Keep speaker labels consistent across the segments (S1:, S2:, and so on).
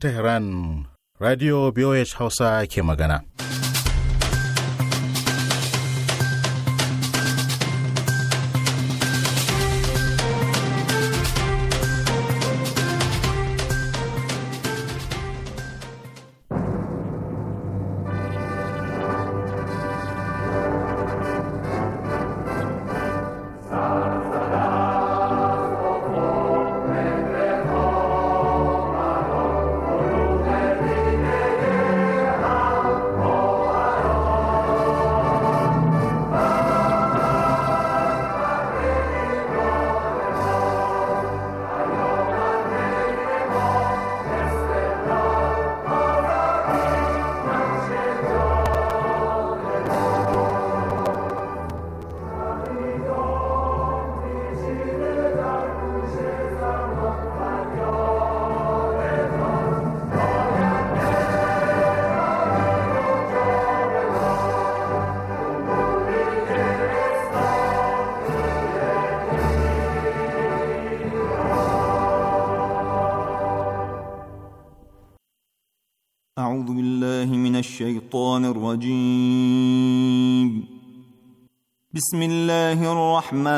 S1: Tehran, Radio BOH Hausa ke magana.
S2: الرحمن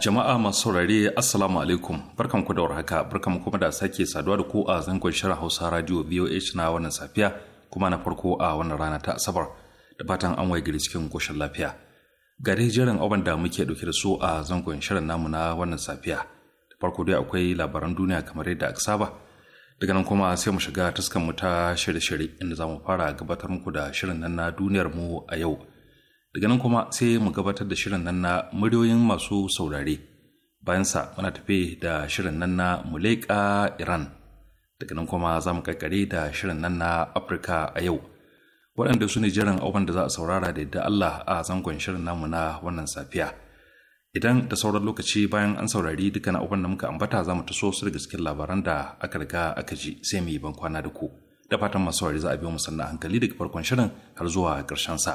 S1: Jama'a masu saurare Assalamu alaikum barkan ku da warhaka barkan kuma da sake saduwa da ku a zangon shirin Hausa Radio VOH na wannan safiya kuma na farko a wannan rana ta Asabar da fatan an waye gari cikin koshin lafiya. Ga dai abin da muke dauke da su a zangon shirin namu na wannan safiya. Da farko dai akwai labaran duniya kamar yadda aka saba. Daga nan kuma sai mu shiga taskan mu ta shirye-shirye inda za mu fara gabatar muku da shirin nan na duniyar mu a yau. daga nan kuma sai mu gabatar da shirin nan na muryoyin masu saurare Bayan sa, muna tafe da shirin nan na muleka iran daga nan kuma za mu kakare da shirin nan na afirka a yau waɗanda su ne jiran abubuwan da za a saurara da yadda allah a zangon shirin namu na wannan safiya idan da sauran lokaci bayan an saurari dukkan abubuwan da muka ambata za mu taso su daga cikin labaran da aka riga aka ji sai mu yi ban kwana da ku da fatan masu saurari za a biyo mu sannan hankali daga farkon shirin har zuwa karshen sa.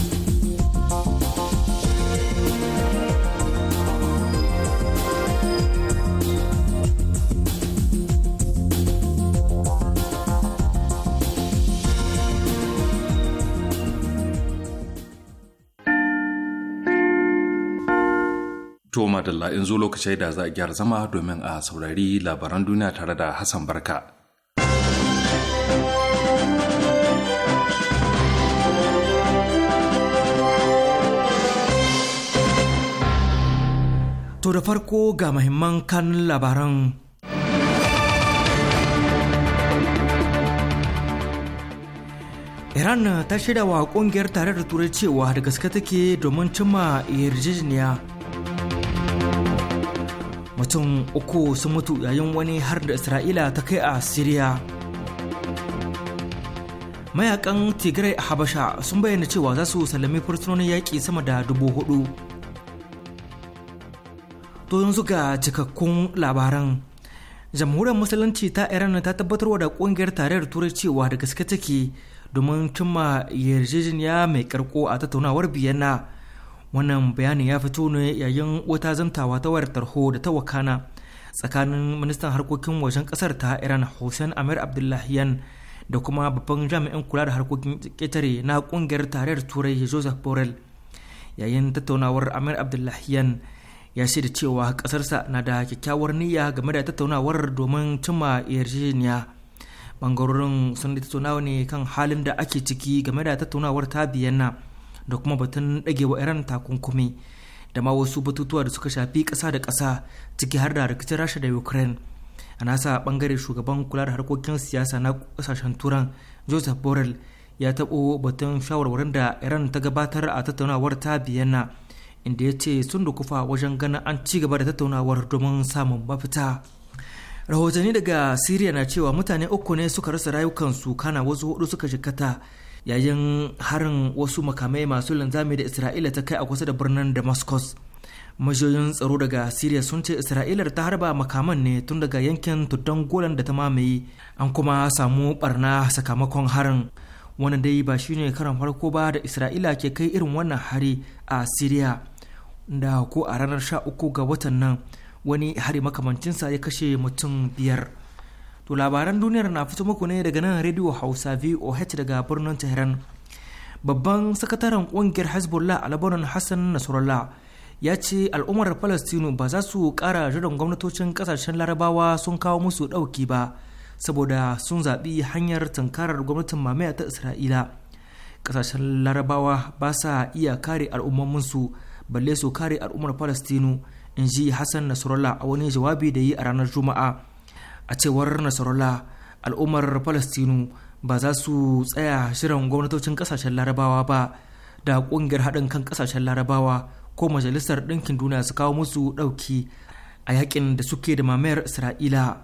S1: To madalla in zo lokacin da za a gyara zama domin a saurari labaran duniya tare da Hassan Barka.
S3: To da farko ga mahimman kan labaran. Iran ta shirya wa kungiyar da turai cewa da gaske take domin cimma yarjejeniya mutum uku sun mutu yayin wani har da isra'ila ta kai a siriya mayakan tigray a habasha sun bayyana cewa za su sallami fursunonin yaƙi sama da dubu hudu to yanzu ga cikakkun labaran jamhuriyar musulunci ta iran ta tabbatarwa da ƙungiyar tarayyar turai cewa da gaske take domin cimma yarjejeniya mai karko a tattaunawar biyana wannan bayani ya fito ne yayin wata zantawa ta wayar tarho da ta wakana tsakanin ministan harkokin wajen kasar ta iran hussein amir abdullahiyan da kuma babban jami'in kula da harkokin ƙetare na kungiyar tarayyar turai joseph borrell yayin tattaunawar amir abdullahiyan ya da cewa kasarsa na da kyakkyawar niyya game da tattaunawar domin cimma yarjejeniya bangarorin sun tattaunawa ne kan halin da ake ciki game da tattaunawar ta biyanna da kuma batun ɗagewa iran takunkumi da ma wasu batutuwa da suka shafi ƙasa da ƙasa ciki har da rikicin rasha da ukraine a nasa bangare shugaban kula da harkokin siyasa na ƙasashen turan joseph borrell ya taɓo batun shawarwarin da iran ta gabatar a tattaunawar ta biyanna inda ya ce sun dukufa wajen ganin an ci gaba da tattaunawar domin samun mafita rahotanni daga siriya na cewa mutane uku ne suka rasa rayukansu kana wasu hudu suka jikata yayin harin wasu makamai masu linzami da isra'ila ta kai a kusa da birnin damascus majiyoyin tsaro daga syria sun ce isra'ilar ta harba makaman ne tun daga yankin tuddan golan da ta mamaye an kuma samu barna sakamakon harin wani dai ba shine karan farko ba da isra'ila ke kai irin wannan hari a syria da ko a ranar 13 ga watan nan wani hari makamancinsa ya kashe mutum biyar To labaran duniyar na fito muku ne daga nan rediyo Hausa VOH daga birnin Tehran. Babban sakataren kungiyar Hezbollah a Hassan Nasrallah ya ce al'ummar Falastinu ba za su kara jiran gwamnatocin kasashen Larabawa sun kawo musu ɗauki ba saboda sun zaɓi hanyar tunkarar gwamnatin mamaya ta Isra'ila. Kasashen Larabawa ba sa iya kare al'ummominsu balle su kare al'ummar Falastinu in ji Hassan Nasrallah a wani jawabi da yi a ranar Juma'a. a cewar nasarola al'ummar palestinu ba za su tsaya shirin gwamnatocin kasashen larabawa ba da kungiyar haɗin kan kasashen larabawa ko majalisar ɗinkin duniya su kawo musu ɗauki a yakin da suke da mamayar isra'ila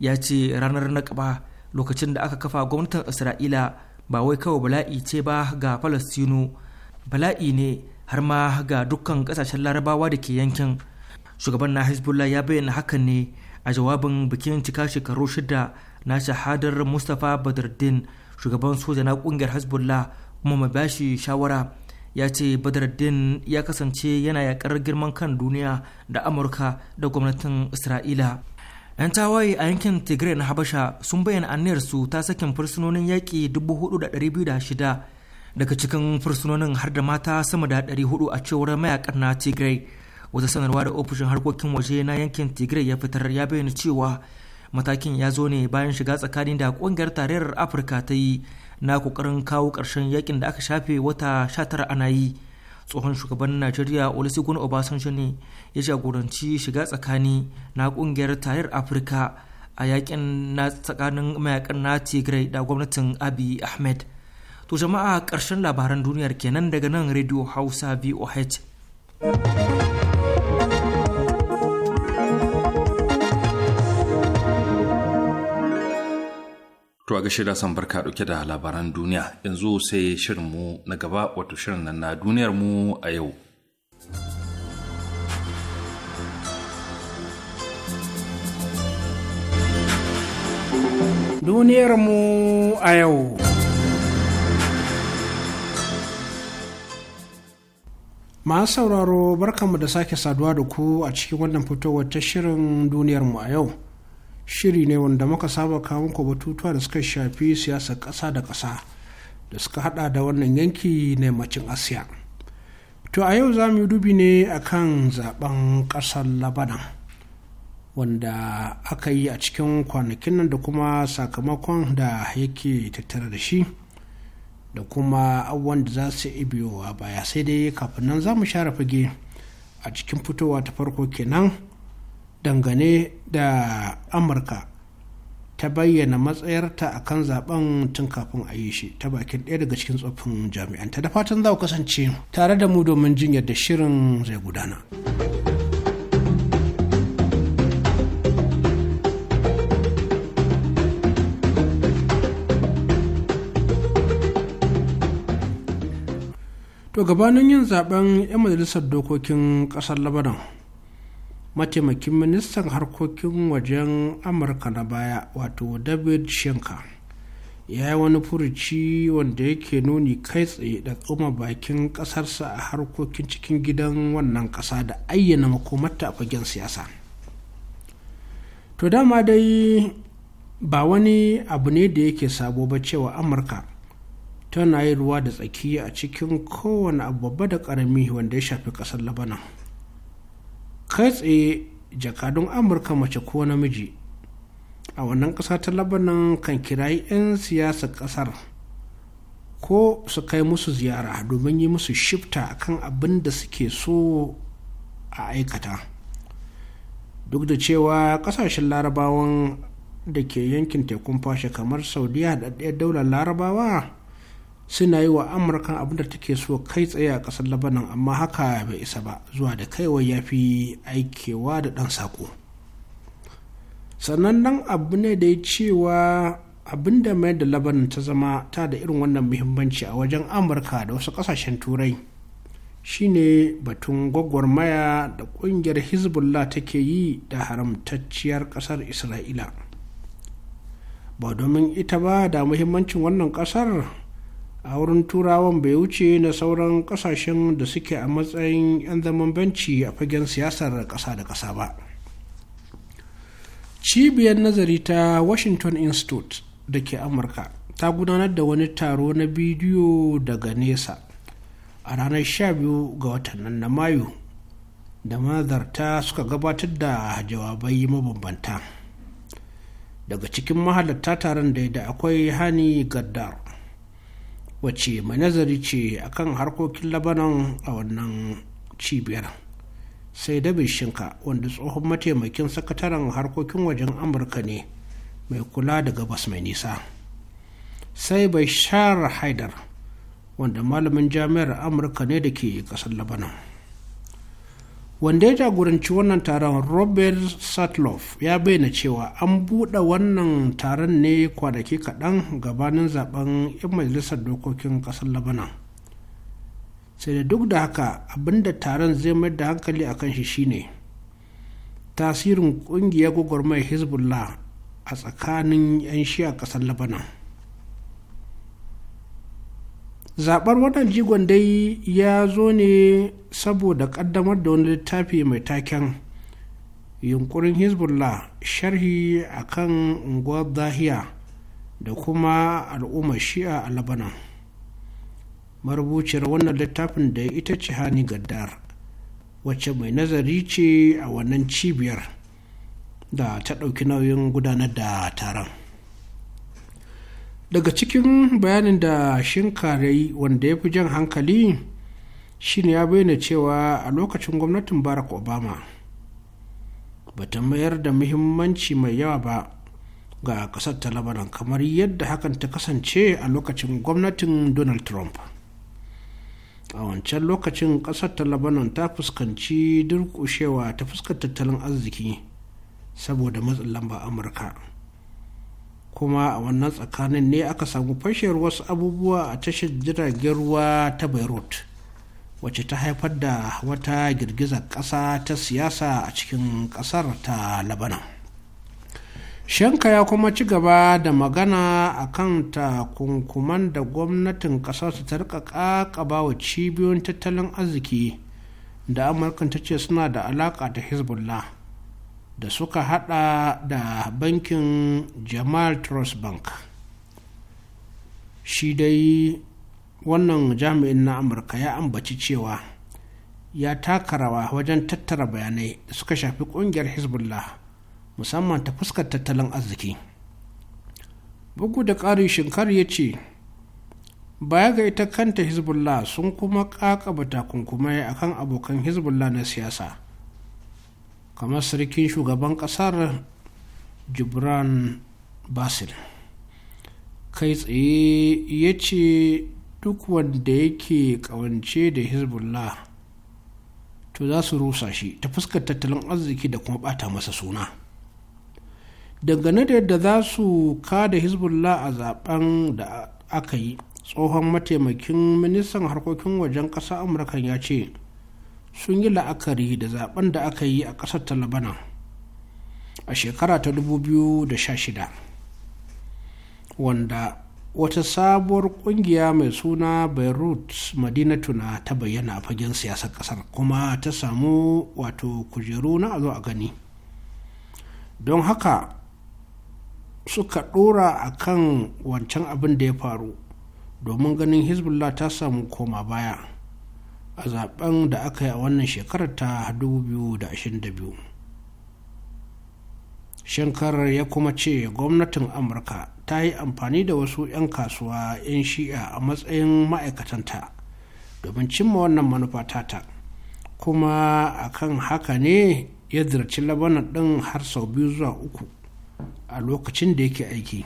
S3: ya ce ranar naƙaba lokacin da aka kafa gwamnatin isra'ila ba wai kawai bala'i ce ba ga palestinu bala'i ne har ma ga dukkan kasashen larabawa da ke yankin shugaban na hezbollah ya bayyana hakan ne a jawabin bikin cika shekaru shida na shahadar mustapha badardin shugaban soja na kungiyar hezbollah kuma mai bashi shawara ya ce badardin ya kasance yana yakar girman kan duniya da amurka da gwamnatin isra'ila 'yan tawaye a yankin tigray na habasha sun bayyana aniyarsu ta sakin fursunonin yaƙi 4,206 daga cikin fursunonin har da mata sama da 400 a cewar mayakar na tigray wata sanarwa da ofishin harkokin waje na yankin tigray ya fitar ya bayyana cewa matakin ya zo ne bayan shiga tsakanin da kungiyar tarayyar afirka ta yi na kokarin kawo karshen yakin da aka shafe wata 19 ana yi tsohon shugaban najeriya olusegun obasanjo ne ya jagoranci shiga tsakani na kungiyar tarayyar afirka a yakin na tsakanin mayakan na tigray da gwamnatin abi ahmed to jama'a karshen labaran duniyar kenan daga nan radio hausa voh
S1: To a gashi da san barka dauke da labaran duniya yanzu sai shirin mu na gaba wato shirin nan na duniyar mu a yau.
S4: Duniyar mu a yau. Masu sauraro barkanmu da sake saduwa da ku a cikin wannan fitowar ta shirin duniyar mu a yau. shiri ne wanda muka saba kawo muku batutuwa da suka shafi siyasar ƙasa da ƙasa da suka hada da wannan yanki na yammacin asiya to a yau za mu yi dubi ne akan zaben ƙasar labanan wanda aka yi a cikin kwanakin nan da kuma sakamakon da yake tattara da shi da kuma abubuwan da za su biyowa baya sai dai kafin nan za mu share fage a cikin fitowa ta farko kenan dangane da amurka ta bayyana matsayarta a kan zaben tun kafin a yi shi ta bakin ɗaya daga cikin tsoffin jami'anta da fatan za ku kasance tare da mu domin jin yadda shirin zai gudana. to gabanin yin zaben 'yan majalisar dokokin ƙasar labaran. mataimakin ministan harkokin wajen amurka na baya wato david shinka ya yi wani furuci wanda yake nuni kai tsaye da tsoma bakin kasarsa a harkokin cikin gidan wannan kasa da ayyana makomarta a fagen siyasa to dama dai ba wani abu ne da yake sabo ba cewa amurka tana yi ruwa da tsaki a cikin kowane abu babba da karami wanda ya shafi ƙasar labanan kai tsaye jakadun amurka mace ko namiji a wannan ƙasa ta labanan kan kirayi 'yan siyasar ƙasar ko su kai musu ziyara domin yi musu shifta kan abin da suke so a aikata duk da cewa ƙasashen larabawan da ke yankin tekun fashe kamar saudiya da ɗaya daular larabawa suna yi wa amurkan abinda da take so kai tsaye a ƙasar labanan amma haka bai isa ba zuwa da kaiwa ya fi aikewa da ɗan saƙo sannan nan abu ne da ya cewa abin da mai da labanan ta zama ta da irin wannan muhimmanci a wajen amurka da wasu ƙasashen turai shine batun maya da ƙungiyar hezbollah take yi da haramtacciyar ƙasar isra'ila ba domin ita ba da muhimmancin wannan ƙasar a wurin turawan bai wuce na sauran kasashen da suke a matsayin 'yan zaman benci a fagen siyasar ƙasa da ƙasa ba cibiyar nazari ta washington institute da ke amurka ta gudanar da wani taro na bidiyo daga nesa a ranar 12 ga watan nan na mayu da manazarta suka gabatar da jawabai mabambanta daga cikin mahalarta taron da akwai hani gaddar wacce mai nazari ce a kan harkokin labanon a wannan cibiyar sai da shinka wanda tsohon mataimakin sakataren harkokin wajen amurka ne mai kula da gabas mai nisa sai bashar haidar wanda malamin jami'ar amurka ne da ke kasar labanon wanda ya jagoranci wannan taron robert sutloff ya bayyana cewa an buɗe wannan taron ne kwanaki kaɗan gabanin zaben 'yan majalisar dokokin ƙasar labanan sai da duk da haka abinda taron zai mayar da hankali a kan shi shine tasirin ƙungiyar gwagwarmayar hezbollah a tsakanin 'yan shi a ƙasar labanan zaɓar wannan jigon dai ya zo ne saboda ƙaddamar da wani littafi mai taken yunkurin hezbollah sharhi a kan unguwar zahiya da kuma al'ummar shi'a a labanan marubuciyar wannan littafin da ita ce hani gaddar wacce mai nazari ce a wannan cibiyar da ta ɗauki nauyin gudanar da taron daga cikin bayanin da shinkarai wanda ya fi jan hankali shine ya bayyana cewa a lokacin gwamnatin barack obama ba ta mayar da muhimmanci mai yawa ba ga kasar ta labaran kamar yadda hakan ta kasance a lokacin gwamnatin donald trump a wancan lokacin kasar ta labanan ta fuskanci durkushewa ta fuskar tattalin arziki saboda matsin lamba amurka kuma a wannan tsakanin ne aka samu fashewar wasu abubuwa a tashar jiragen ruwa ta beirut wacce ta haifar da wata girgizar ƙasa ta siyasa a cikin ƙasar ta labanan shanka ya kuma ci gaba da magana a kan takunkuman da gwamnatin ƙasarsa ta rika ƙaƙaba wa cibiyoyin tattalin arziki da amurkan ta ce suna da alaƙa da hezbollah da suka hada da bankin jamal trust bank shi dai wannan jami'in na amurka ya ambaci cewa ya taka rawa wajen tattara bayanai da suka shafi kungiyar hezbollah musamman ta fuskar tattalin arziki bugu da ƙari shinkar ya ce baya ga ita kanta hezbollah sun kuma kakaba takunkumai akan abokan hezbollah na siyasa kamar sarkin shugaban kasar jibran basir kai tsaye ya ce duk wanda yake kawance da hezbollah to za su rusa shi ta fuskar tattalin arziki da kuma bata masa suna dangane da yadda za su kada hezbollah a zaben da aka yi tsohon mataimakin ministan harkokin wajen ƙasa amurka ya ce sun yi la'akari da zaben da aka yi a ƙasar ta labanan a shekara ta 2016 wanda wata sabuwar ƙungiya mai suna beirut madinatuna ta bayyana a fagen siyasar ƙasar, kuma ta samu wato kujeru na zo a gani don haka suka dora a kan wancan abin da ya faru domin ganin hezbollah ta samu koma baya a zaben da aka yi a wannan shekarar ta 2022 shankar ya kuma ce gwamnatin amurka ta yi amfani da wasu 'yan kasuwa 'yan shi'a a matsayin ma'aikatanta domin cimma wannan manufa tata kuma kan haka ne ya zirci labanan ɗin har sau biyu zuwa uku a lokacin da yake aiki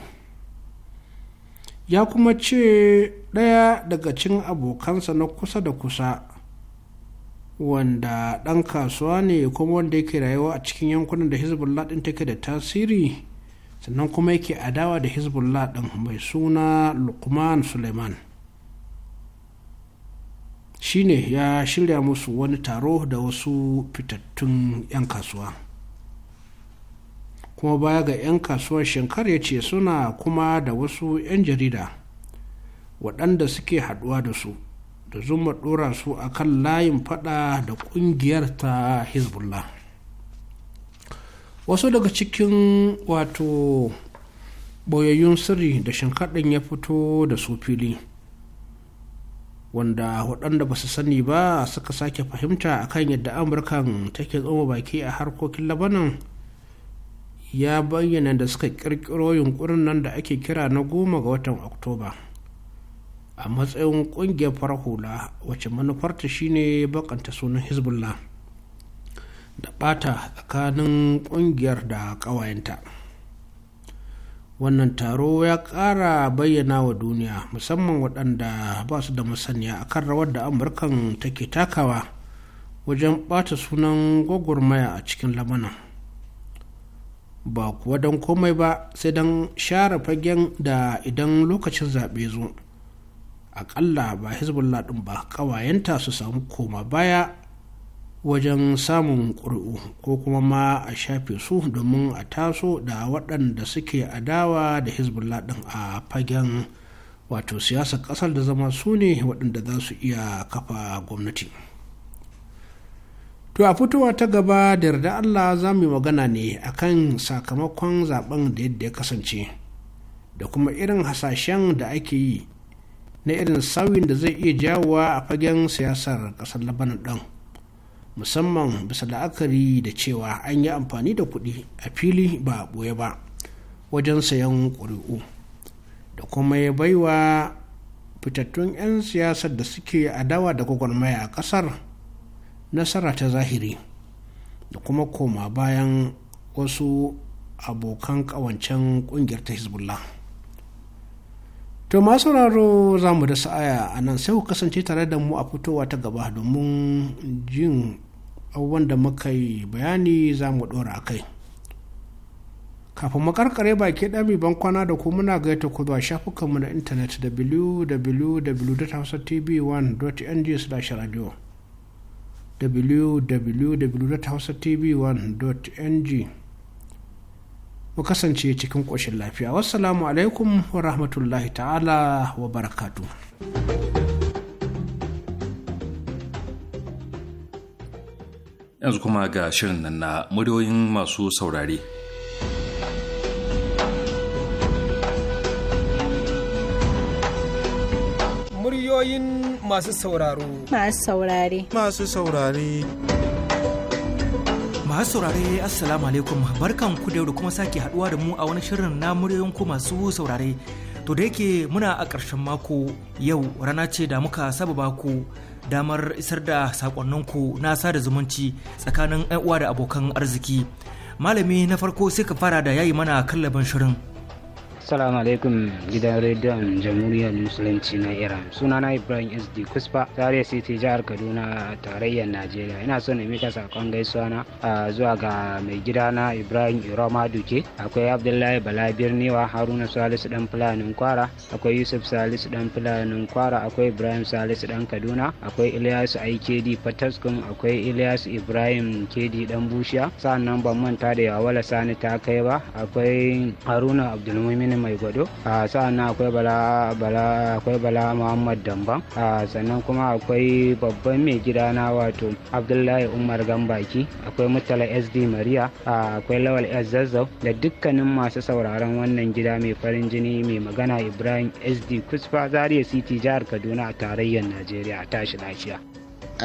S4: ya kuma ce ɗaya daga cin abokansa na kusa da kusa wanda ɗan kasuwa ne kuma wanda yake rayuwa a cikin yankunan da hezbollah ɗin take da tasiri sannan kuma yake adawa da hezbollah ɗin mai suna lukman suleiman Shi ne ya shirya musu wani taro da wasu fitattun 'yan kasuwa kuma baya ga 'yan kasuwar shinkar ya ce suna kuma da wasu 'yan jarida waɗanda suke haɗuwa da su da zuma dora su a kan layin fada da kungiyar ta hezbollah wasu daga cikin wato boyayyun sirri da shinkaɗin ya fito da su fili wanda waɗanda ba su sani ba suka sake fahimta a kan yadda amurkan take tsoma baki a harkokin labanan ya bayyana da suka ƙirƙiro yunkurin nan da ake kira na goma ga watan oktoba a matsayin kungiyar farar hula wacce manufarta shine bakanta sunan hezbollah da bata tsakanin kungiyar da kawayenta wannan taro ya kara bayyana wa duniya musamman waɗanda ba su da masaniya kan rawar da amurkan take takawa wajen bata sunan gwagwarmaya a cikin lamanan ba kuwa don komai ba sai don share fagen da idan lokacin zaɓe zo akalla ba hezbollah ɗin ba ƙawayenta su samu koma baya wajen samun ƙuri'u ko kuma ma a shafe su domin a taso da waɗanda suke adawa da hezbollah ɗin a fagen wato siyasar ƙasar da zama su ne waɗanda za su iya kafa gwamnati to a fitowa ta gaba da yarda allah za mu yi magana ne akan sakamakon zaben da yadda ya kasance da kuma irin hasashen da ake yi na irin sauyin da zai iya jawowa a fagen siyasar ƙasar labanan ɗan musamman bisa la'akari da cewa an yi amfani da kuɗi a fili ba a ɓoye ba wajen sayan ƙuri'u da kuma ya baiwa fitattun 'yan siyasar da suke adawa da gwagwarmaya a ƙasar nasara ta zahiri da kuma koma bayan wasu abokan ƙawancen ƙungiyar ta hezbollah To ma sauraro za mu da sa'aya a nan sai ku kasance tare da mu a fitowa ta gaba domin jin abubuwan da muka yi bayani za mu ɗora a kai. Kafin makarkare baki ɗami ban kwana da ku muna gaita ku zuwa shafukanmu na intanet www.hausatv1.ng/radio www.hausatv1.ng mu kasance cikin ƙoshin lafiya wassalamu alaikum wa rahmatullahi ta'ala wa barakatu
S1: yanzu kuma ga shirin nan na muryoyin masu saurare
S5: muryoyin
S3: masu sauraro
S2: masu saurare masu saurare
S3: masu saurare assalamu alaikum barkan ku da yau da kuma sake haduwa da mu a wani shirin na muryoyin ku masu saurare to da yake muna a ƙarshen mako yau rana ce da muka saba baku damar isar da sakonninku na sada zumunci tsakanin uwa da abokan arziki malami na farko sai ka fara da yayi mana kallabin shirin
S5: Assalamu alaikum gidan rediyon jamhuriyar musulunci na Iran. Sunana Ibrahim SD Kuspa, Zaria City jihar Kaduna tarayyar Najeriya. Ina so na mika sakon gaisuwa na zuwa ga mai gidana Ibrahim Iroma Duke, akwai Abdullahi Bala Birniwa, Haruna Salisu dan Fulanin Kwara, akwai Yusuf Salisu dan Fulanin Kwara, akwai Ibrahim Salisu dan Kaduna, akwai ilyas IKD Fataskun, akwai Ilyas Ibrahim KD dan Bushiya. Sa'annan ban manta da Yawala Sani ta kai ba, akwai Haruna Abdulmumin ne mai gwado sa'an akwai bala bala muhammad damban sannan kuma akwai babban mai gida na wato abdullahi umar gambaki akwai mutala sd maria akwai lawal s zazzau da dukkanin masu sauraron wannan gida mai farin jini mai magana ibrahim sd kusfa zaria city jihar kaduna a tarayyar najeriya a tashi lafiya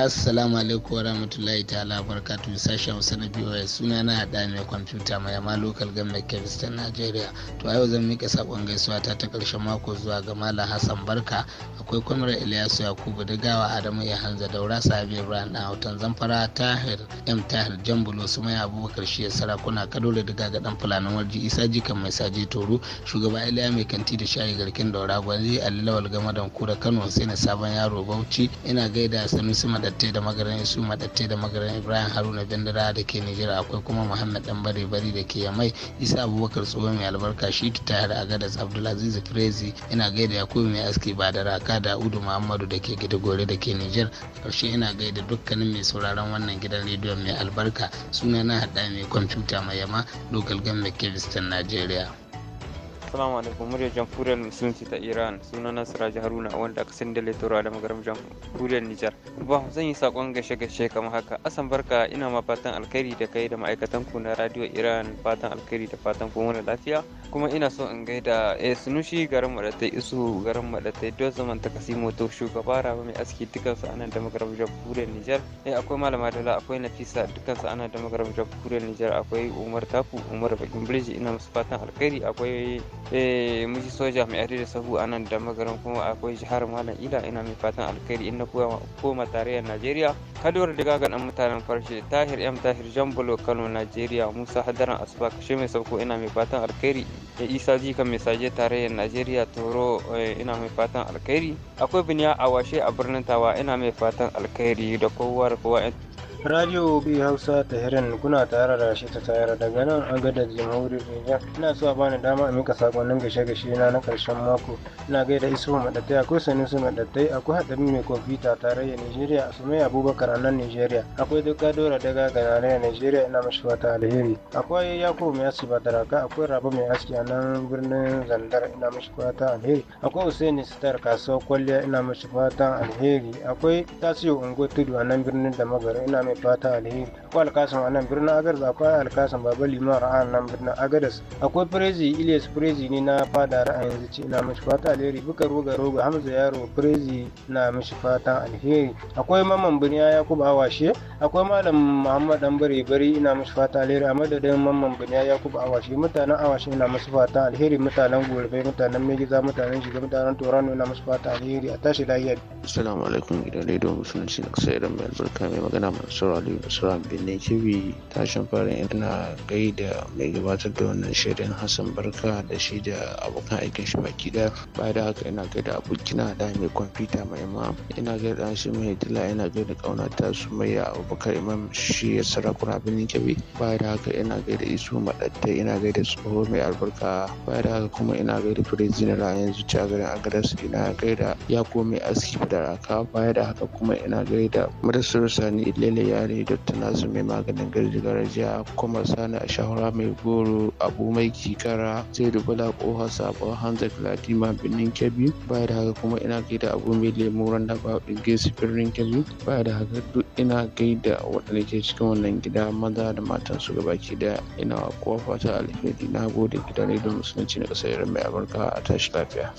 S6: assalamu alaikum wa rahmatullahi ta'ala barkatu sashen hausa na biyu suna na hada mai kwamfuta mai lokal local government kebis ta nigeria to a yau zan mika sakon gaisuwa ta ta ƙarshen mako zuwa ga malam hassan barka akwai kwamar ilyasu yakubu gawa adamu ya hanza daura sabi ran a hoton zamfara tahir m tahir bulo su mai abubakar shi ya sarakuna kadore daga ga dan fulanin warji isa jikan mai saje toro shugaba iliya mai kanti da shayi garkin daura gwanzi alilawal gama da kura kano sai na sabon yaro bauchi ina gaida sanusi madara madatte da magaran isu madatte da magaran ibrahim haruna bindira da ke nijar akwai kuma muhammad dan bare bari da ke yamai isa abubakar tsohon mai albarka shi tayar a gadas abdulaziz crazy ina gaida yakubu mai aski ba da raka da udu muhammadu da ke gida gore da ke nijar karshe ina gaida dukkanin mai sauraron wannan gidan rediyon mai albarka suna na hada mai kwamfuta mai yama gan mai kevistan Najeriya. Assalamu
S7: alaikum muryar jamhuriyar musulunci ta Iran suna Nasira Haruna wanda aka sanda da letora da magaram jamhuriyar Nijar. Ba zan yi saƙon gashe gashe kamar haka. Asan barka ina ma fatan alkhairi da kai da ma'aikatan ku na radio Iran fatan alkhairi da fatan ku muna lafiya. Kuma ina so in gaida eh Sunushi garin madatta Isu garin madatta don zaman ta Kasimo to shugaba rabu mai aski dukkan su anan da magaram jamhuriyar Nijar. Eh akwai Malama Dala akwai Nafisa dukkan su anan da magaram jamhuriyar Nijar akwai Umar Taku Umar Bakin Bridge ina musu fatan alkhairi akwai Eh, mun ji soja mai ari da sahu a nan da magaran kuma akwai jihar malam ila ina mai fatan alkhairi inda kuma koma tarayyar najeriya kaduwar da gaga dan mutanen farshe tahir m tahir jambulo kano najeriya musa hadaran asuba kashe mai sauko ina mai fatan alkhairi da isa jika mai saje tarayyar najeriya toro eh, ina mai fatan alkhairi akwai biniya a washe a birnin tawa ina mai fatan alkhairi da kowa da kowa
S8: radio bi hausa tahiran kuna tara da shi ta tayar daga nan an gada jamhuriyar nijar ina so a bani dama a mika sakonnin gashe-gashe na na karshen mako ina gaida iso maɗatai akwai su maɗatai akwai haɗari mai kwamfuta da nigeria a sumai abubakar a nan nigeria akwai duk gadora daga ganare nigeria ina mashi wata alheri akwai yakubu mai aski raka. akwai rabu mai aski a nan birnin zandar ina mashi wata alheri akwai hussein sitar kasuwar kwalliya ina mashi fatan alheri akwai tasiyo ungo tudu a nan birnin da ina mai fata alheri akwai alkasan anan birnin agadas akwai alkasan baba limar a nan birnin agadas akwai firezi ilias firezi ne na fada yanzu ce na mashi fata alheri buka roga roga hamza yaro firezi na mashi fata alheri akwai maman ya yakubu awashe akwai malam muhammad dan bare bari ina mashi fata alheri a madadin maman ya yakubu awashe mutanen awashe ina mashi fata alheri mutanen gurbe mutanen megiza mutanen shiga mutanen torano ina mashi fata alheri a tashi lahiyar.
S4: assalamu alaikum gidan rediyo musulunci na kusa irin mai albarka mai magana masu Mansur Aliyu Basura Benin Kibi tashin farin ina gaida mai gabatar da wannan shirin Hassan Barka da shi da abokan aikin shi baki daya. Baya da haka ina gaida abokina da mai kwamfuta mai ma ina gaida shi mai dila ina gaida ta su mai abubakar imam shi ya sarakuna Benin Kibi. Baya da haka ina gaida isu maɗattai ina gaida tsoho mai albarka. Baya da haka kuma ina gaida firizina yanzu ci a garin ina gaida ya komai aski da aka Baya da haka kuma ina gaida madasar Sani Ilele yare da dr mai maganin gargajiya kuma sani a shahara mai goro abu mai kikara sai dubula koha sabon hanza ma birnin kebbi baya da haka kuma ina gaida abu mai lemu randa ba gesu birnin kebbi baya da haka duk ina gaida waɗanda ke cikin wannan gida maza da matan su ki daya ina kowa fata alheri na gode gidan rediyon musulunci na ƙasar mai amurka a tashi lafiya.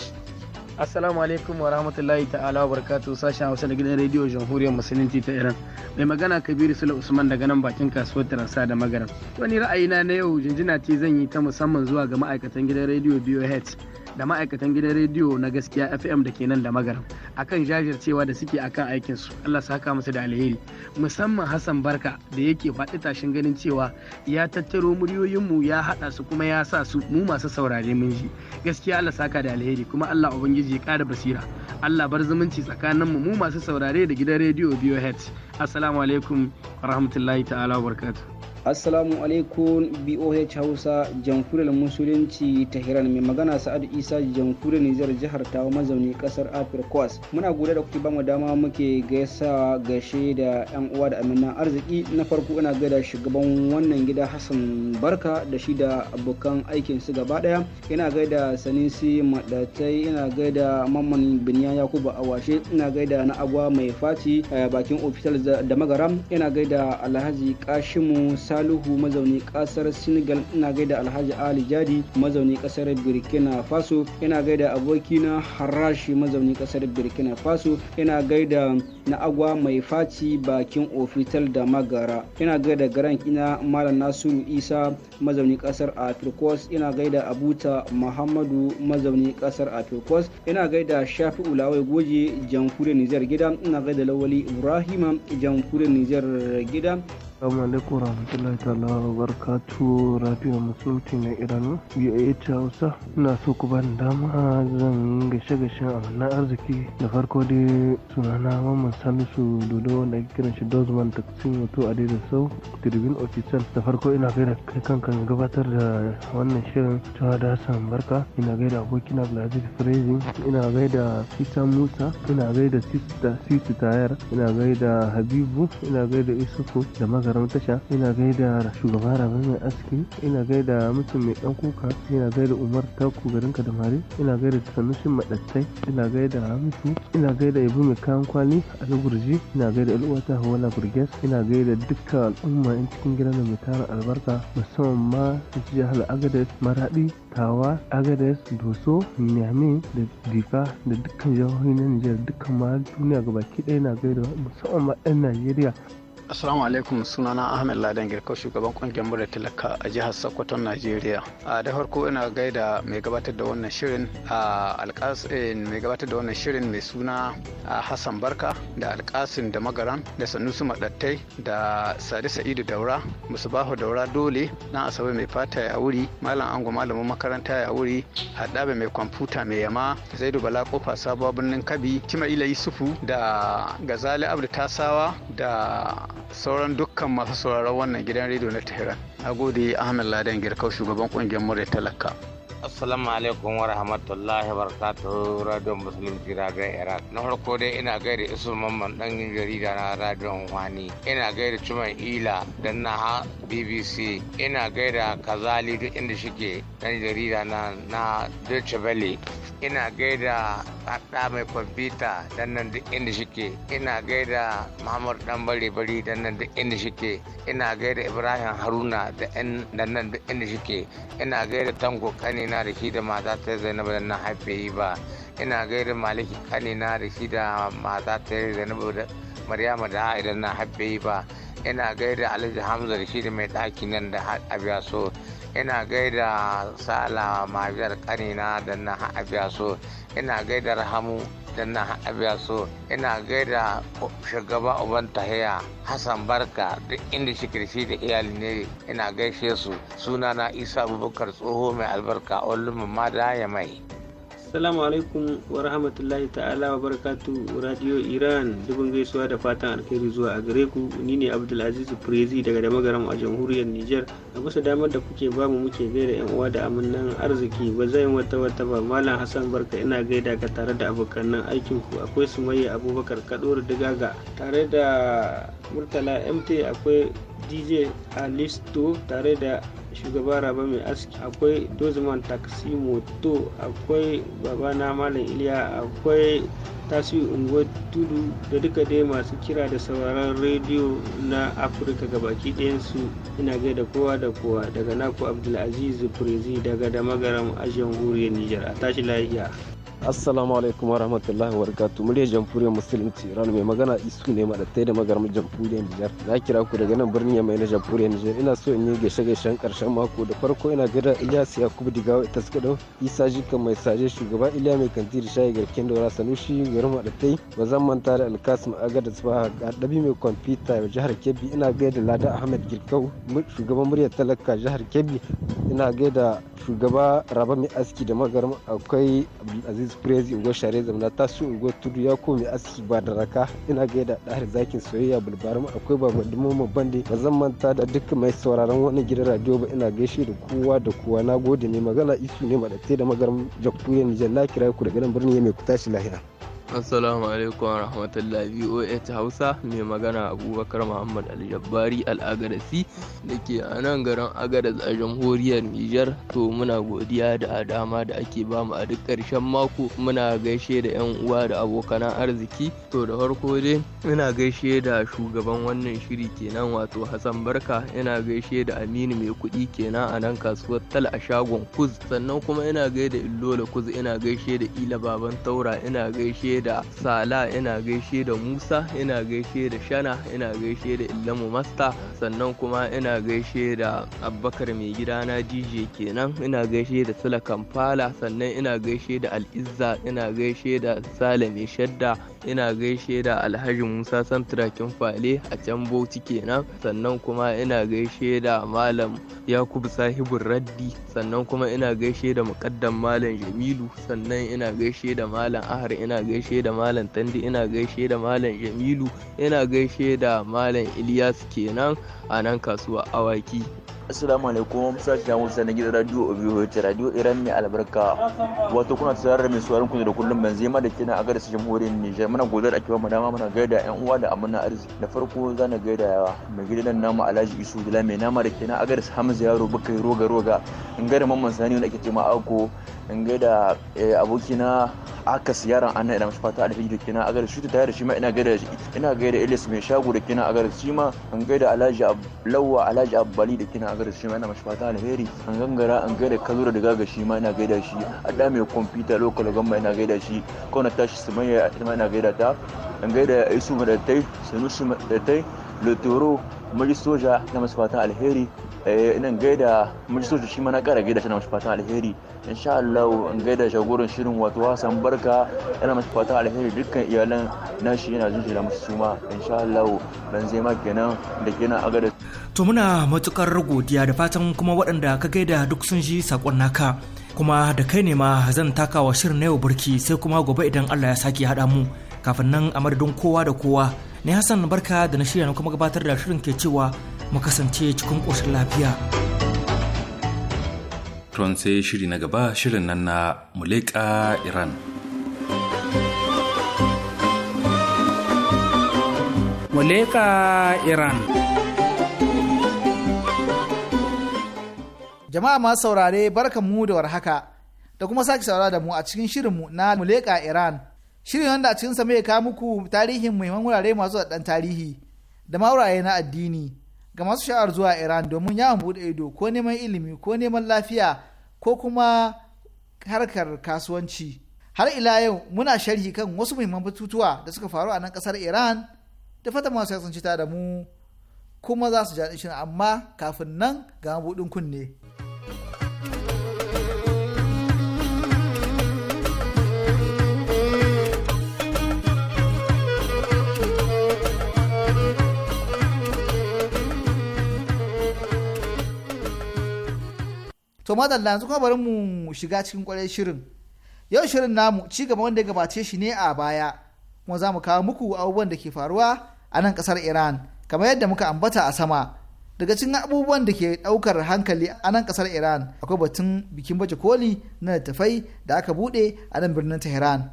S6: Assalamu alaikum wa rahmatullahi ta'ala wa barakatuhu sashen Hausa da gidan rediyo Jamhuriyar Musulunci ta Iran. Mai magana Kabiru sula Usman daga nan bakin kasuwar Taransa da Magaran. Wani ra'ayina na yau jinjina ce zan yi ta musamman zuwa ga ma'aikatan gidan rediyo BOH da ma'aikatan gidan rediyo na gaskiya fm da ke nan da magaram akan jajircewa da suke akan aikinsu allah saka musu da alheri musamman hassan barka da yake faɗi tashin ganin cewa ya tattaro muryoyinmu ya haɗa su kuma ya sa su mu masu saurare mun ji gaskiya allah saka da alheri kuma allah ubangiji ya ƙara basira allah bar zumunci tsakaninmu mu masu saurare da gidan rediyo biyo assalamu alaikum rahmatullahi ta'ala wa barakatuh
S5: assalamu alaikum boh hausa jamhuriyar musulunci hiran mai magana sa'adu isa jamhuriyar nijar jihar ta mazauni kasar afirkos muna gode da kuke bamu dama muke gaisawa gaishe da yan uwa da amina arziki na farko ina gaida shugaban wannan gida hassan barka da shi da abokan aikin su gaba daya ina gaida sanisi madatai ina gaida mamman biniya yakubu awashe ina gaida na agwa mai faci eh, bakin ofital da magaram ina gaida alhaji kashimu Salihu mazauni kasar Senegal ina gaida Alhaji Ali Jadi mazauni kasar Burkina Faso ina gaida abokina Harashi mazauni kasar Burkina Faso ina gaida na agwa mai faci bakin ofital da magara ina gaida garan ina malam nasiru isa mazauni kasar afirkos ina gaida abuta muhammadu mazauni kasar afirkos ina gaida shafi ulawai goje jamhuriyar nijar gida ina gaida lawali ibrahima jamhuriyar nijar gida
S9: Assalamu alaikum warahmatullahi ta'ala wa barakatu radio musulti na Iran BAH Hausa ina so ku bani dama zan gashe gashe amanna arziki da farko dai sunana Mamman Salisu Dodo wanda ake kiran shi Dozman Taksim wato a daidai sau Tribune Official da farko ina gaida kai kanka gabatar da wannan shirin cewa da Hassan Barka ina gaida abokin Abdulaziz Frezi ina gaida Sita Musa ina gaida Sita Tayar ina gaida Habibu ina gaida Isufu da maza magaran tasha ina gaida shugaba rabe mai aski ina gaida mutum mai dan kuka ina gaida umar taku garin kadamari ina gaida sanushin madattai ina gaida hamisu ina gaida ibu mai kayan kwali a alburji ina gaida al'uwata hawala burges ina gaida dukkan al'umma yan cikin gidan mai tarin albarka musamman ma jihar agadez maradi tawa agadez doso nyame da difa da dukkan jihohi na nijar dukkan ma duniya gabaki ɗaya na gaida musamman ma 'yan najeriya
S6: Assalamu alaikum sunana Ahmed Ladan Girkau shugaban kungiyar mura talaka a jihar Sokoto Najeriya. A da farko ina gaida mai gabatar da wannan shirin a alƙasin eh, mai gabatar da wannan shirin mai suna a Hassan Barka da alƙasin da magaran da Sanusi Madattai da Sadi Sa'idu Daura Bahu Daura Dole na Asabe mai fata ya wuri Malam Ango malamin makaranta ya wuri Haɗabe mai kwamfuta mai yama Zaidu Bala kofa sabuwa birnin Kabi Kima Ila Yusufu da Gazali Abdu Tasawa da sauran dukkan masu sauraron wannan gidan rediyo na Tehran. gode Ahmed Laden Girkau shugaban kungiyar Murya Talaka.
S10: assalamu alaikum wa rahmatullahi barakatuh radio muslim jiragen iraq na farko dai ina gaida isu mamman dan jarida na radio wani ina gaida cuman ila dan na bbc ina gaida kazali duk inda shike dan jarida na na deutsche welle ina gaida hada mai kwamfita dan nan duk inda shike ina gaida muhammad dan bari bari dan nan duk inda shike ina gaida ibrahim haruna da nan duk inda shike ina gaida tango kani. ina da shi da mata ta zainabu da na haife yi ba ina gaida maliki kane na da shi da mata ta zainabu da maryama da idan na haife yi ba ina gaida alhaji hamza da shi da mai ɗaki nan da abiya so ina gaida sala mabiyar kani na da na abiya so ina gaida rahamu da na abiya so ina gaida shugaba uban tahiya hassan barka duk inda shi da iyali ne ina gaishe su suna na isa abubakar tsoho mai albarka olumin ma da ya mai
S8: Assalamu alaikum wa rahmatullahi ta'ala wa barakatu Radio Iran dubin gaisuwa da fatan alheri zuwa a gare ku ni ne Abdulaziz Prezi daga Damagaram a jamhuriyar niger a bisa damar da kuke bamu muke gaida yan uwa da amannan arziki ba zan wata wata ba Malam Hassan Barka ina gaida ka tare da abokan aikin ku akwai Sumayya Abubakar Kadori Digaga tare da Murtala MT akwai DJ Alisto tare da shugaba raba mai aski akwai dozman taksi moto akwai babana malam iliya akwai tasiri unguwar tudu da duka dai masu kira da sauraron rediyo na afirka gabaki ɗayansu ina da kowa da kowa daga naku abdulaziz prezi daga damagaram a jamhuriyar nijar a tashi lahiya assalamu alaikum wa rahmatullahi wa barakatuh muryar jamhuriyar musulunci iran mai magana isu ne madattai da magarmu jamhuriyar nijar na kira ku daga nan birnin yamai na jamhuriyar nijar ina so in yi gaishe gaishen karshen mako da farko ina da ilyas yakubu digawa ita suka dau isa jika mai saje shugaba iliya mai kanti da shayi garken daura sanushi garin madattai ba zan manta da alkasim aga da a ɗabi mai kwamfuta jihar kebbi ina gaida lada ahmed girkau shugaban muryar talaka jihar kebbi ina gaida shugaba raba mai aski da magarmu akwai abdulaziz isu prezi unguwar share zamana tasu unguwar tudu ya komi aski ba da raka ina gaida ɗahar zakin soyayya bulbarum akwai baba mu bande ba zan manta da duk mai sauraron wannan gidan radio ba ina gaishe da kowa da kowa na gode ne magana isu ne madatte da magaram da ya nijar na kira ku daga nan birni ya mai ku tashi lahira.
S11: Assalamu alaikum wa rahmatullahi BOH Hausa mai magana Abubakar Muhammad al al da ke a nan garin Agadas a jamhuriyar Nijar to muna godiya da dama da ake bamu a duk ƙarshen mako muna gaishe da 'yan uwa da abokan arziki to da farko dai ina gaishe da shugaban wannan shiri kenan wato Hassan Barka ina gaishe da Aminu mai kuɗi kenan a nan kasuwar Tal a shagon Kuz sannan kuma ina gaida Illola Kuz ina gaishe da Ila Baban Taura ina gaishe da sala ina gaishe da musa ina gaishe da shana ina gaishe da illamu masta sannan kuma ina gaishe da abbakar mai gida na dj kenan ina gaishe da sula kamfala sannan ina gaishe da al'izza ina gaishe da sale mai shadda ina gaishe da alhaji musa santrakin fale a can bauchi kenan sannan kuma ina gaishe da malam yakubu sahibin raddi sannan kuma ina gaishe da mukaddam malam jamilu sannan ina gaishe da malam ahar ina gaishe da malam tandi ina gaishe da malam jamilu ina gaishe da malam ilyas kenan a nan kasuwa awaki
S12: Assalamu alaikum sashi na na gidan radio OBH radio Iran mai albarka wato kuna ta da mai suwarin ku da kullum ban zema da kina a garin jamhuriyar Nijar muna godar a kiwa mu dama muna gaida yan uwa da amana arziki da farko na gaida mai gidan namu Alhaji Isu Dila mai nama da kina a garin Hamza Yaro Bakai Roga Roga in gada mamman Sani wanda ake ma Ako in gaida eh, abokina aka siyaran ana ina mashi fata alheri da kina agar shi ta da shi ma ina gaida shi ina gaida Ilis mai shago da kina agar shi ma in gaida Alhaji Lawwa Alhaji Abbali da kina agar shi ma ina mashi fata alheri an gangara an gaida Kazura da gaga shi ma ina gaida shi da mai kwamfuta lokal gamma ina gaida shi Kauna tashi Sumayya ita ma ina gaida ta in gaida Isu Madatai Sanusi Madatai Lotoro majistoja Soja na masu fata alheri Eh, idan gaida majisoci shi mana kara gaida shi na mashi fatan alheri insha Allah in gaida shagoran shirin wato wasan Barka yana mashi fatan alheri dukkan iyalan nashi yana da masu suma insha Allah ban zai ma kenan da kenan agada to muna matukar
S3: godiya da fatan kuma waɗanda ka gaida duk sun ji sakon naka kuma da kai ne ma zan takawa shirin na yau burki sai kuma gobe idan Allah ya sake haɗa mu kafin nan a madadin kowa da kowa ne Hassan Barka da na shirya na kuma gabatar da shirin ke cewa mu kasance cikin ƙoshin lafiya.
S1: tun sai shiri na gaba shirin nan na Muleka Iran. Muleka Iran.
S13: Jama'a masu saurare barkan mu da warhaka da kuma sake saurara da mu a cikin shirinmu na Muleka Iran. Shirin wanda a cikinsa mai kawo muku tarihin muhimman wurare masu da tarihi da mauraye na addini. ga masu sha'ar zuwa iran domin yawon bude ido ko neman ilimi ko neman lafiya ko kuma harkar kasuwanci har ila yau muna sharhi kan wasu muhimman batutuwa da suka faru a nan kasar iran da fata masu yasanci da mu kuma za su shi amma kafin nan ga mabuɗin kunne. so madalla yanzu kuma bari mu shiga cikin kwarai shirin yau shirin namu ci gaba wanda ya gabace shi ne a baya kuma za mu kawo muku abubuwan da ke faruwa a nan kasar iran kamar yadda muka ambata a sama daga cikin abubuwan da ke daukar hankali a nan kasar iran akwai batun bikin baje koli na littattafai da aka bude a nan birnin tehran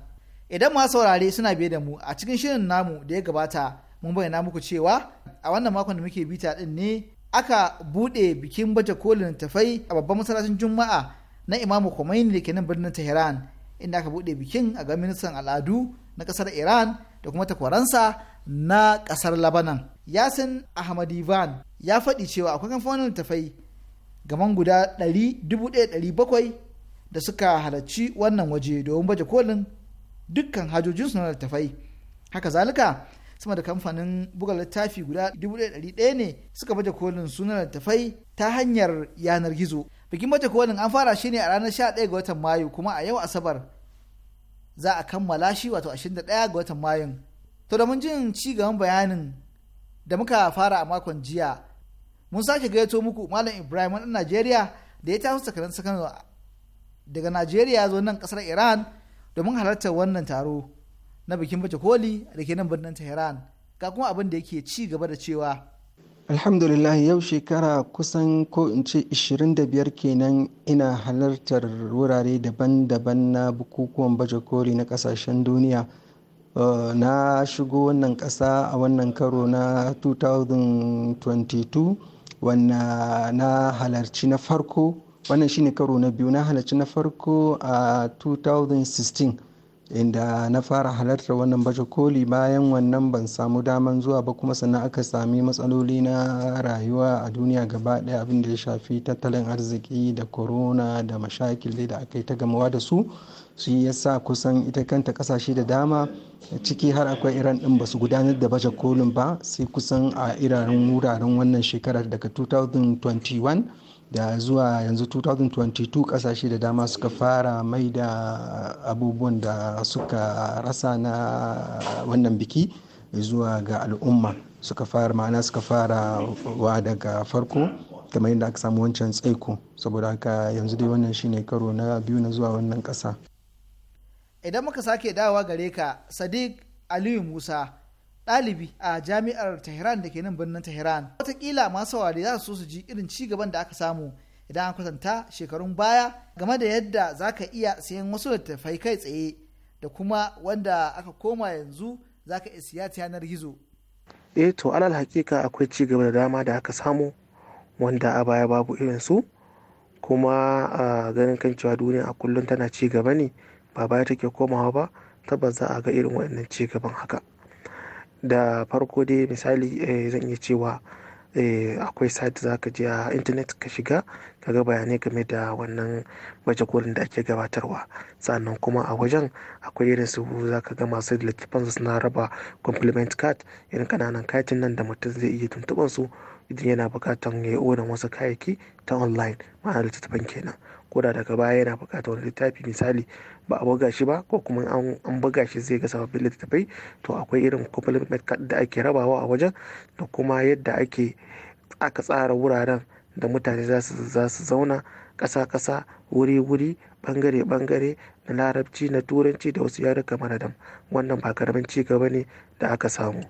S13: idan ma saurare suna biye da mu a cikin shirin namu da ya gabata mun bayyana muku cewa a wannan makon da muke bita din ne aka buɗe bikin baje kolin tafai a babban masallacin juma'a na imamu Khomeini da ke nan birnin tehran inda aka buɗe bikin a ga ministan al'adu na kasar iran da kuma takwaransa na ƙasar labanan yasin ahmad ivan ya faɗi cewa akwai kamfanin tafai gaman guda 1,700 da suka halarci wannan waje domin baje kolin dukkan hajojinsu na tafai haka zalika sama da kamfanin buga littafi guda 1,100 ne suka baje kolin sunan littafai ta hanyar yanar gizo. Bikin baje kolin an fara shi ne a ranar 11 ga watan Mayu kuma a yau Asabar za a kammala shi wato 21 ga watan Mayun. To da mun jin ci gaban bayanin da muka fara a makon jiya mun sake gayyato muku Malam Ibrahim ɗan Najeriya da ya taso sakarin sakano daga Najeriya zo nan ƙasar Iran domin halartar wannan taro. na bikin baje koli da ke nan birnin tehran ga kuma abin da yake ci gaba da cewa
S14: alhamdulillah yau shekara kusan ko in ce 25 kenan ina halartar wurare daban-daban na bukukuwan baje koli na kasashen duniya eh, na shigo wannan kasa a wannan karo na 2022 wannan na halarci na farko wannan shine karo na biyu na halarci na farko a 2016 inda na fara halartar wannan baje koli bayan wannan ban samu daman zuwa ba kuma sannan aka sami matsaloli na rayuwa a duniya gaba daya abinda ya shafi tattalin arziki da corona da mashakil da aka yi ta gamawa da su su yi yasa kusan ita kanta kasashe da dama ciki har akwai iran din ba su gudanar da baje kolin ba sai kusan a iraren wuraren wannan shekarar daga 2021 da zuwa yanzu 2022 kasashe da dama suka fara mai da abubuwan da suka rasa na wannan biki zuwa ga al'umma suka fara ma'ana suka fara wa daga farko kamar yadda aka samu wancan tsaiko saboda haka yanzu dai wannan shine karo na biyu na zuwa wannan ƙasa.
S13: idan muka sake dawa gare ka sadiq aliyu musa ɗalibi a jami'ar tehran da ke nan birnin tehran watakila masu saurari za su so su ji irin ci gaban da aka samu idan an kwatanta shekarun baya game da yadda za ka iya sayan wasu littattafai kai tsaye da kuma wanda aka koma yanzu za ka iya siya ta yanar gizo
S15: eh to alal hakika akwai ci gaba da dama da aka samu wanda a baya babu irin su kuma a ganin kan cewa duniya a kullum tana ci gaba ne ba baya take komawa ba tabbas za a ga irin waɗannan ci gaban haka da farko dai misali eh, zan iya cewa eh, akwai site za ka je a intanet ka shiga ka ga bayanai game da wannan baje kolin da ake gabatarwa sannan kuma a wajen akwai irin su za ka ga masu littattafan su suna raba compliment card irin kananan katin nan da mutum zai iya tuntuban su idan yana buƙatar ya yi odan wasu kayayyaki ta online ma'ana littattafan kenan ko da daga baya yana buƙatar wani littafi misali ba a buga shi ba ko kuma an buga shi zai ga sababbin littattafai to akwai irin complement card da ake rabawa a wajen da kuma yadda ake aka tsara wuraren da mutane za su zauna kasa-kasa wuri-wuri bangare-bangare na larabci na turanci da wasu yaruka maradam wannan ba karamin ci gaba ne da aka samu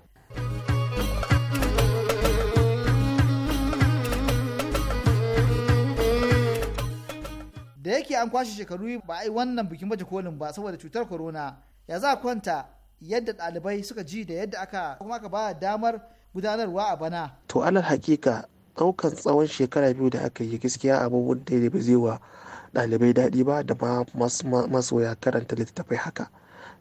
S13: da yake an kwashe shekaru ba a yi wannan bikin baje kolin ba saboda cutar corona ya za a kwanta yadda ɗalibai suka ji da yadda aka kuma aka ba damar gudanarwa a bana.
S15: to alal hakika ɗaukan tsawon shekara biyu da aka yi gaskiya abubuwan da ba zai wa ɗalibai daɗi ba da ma ya karanta littattafai haka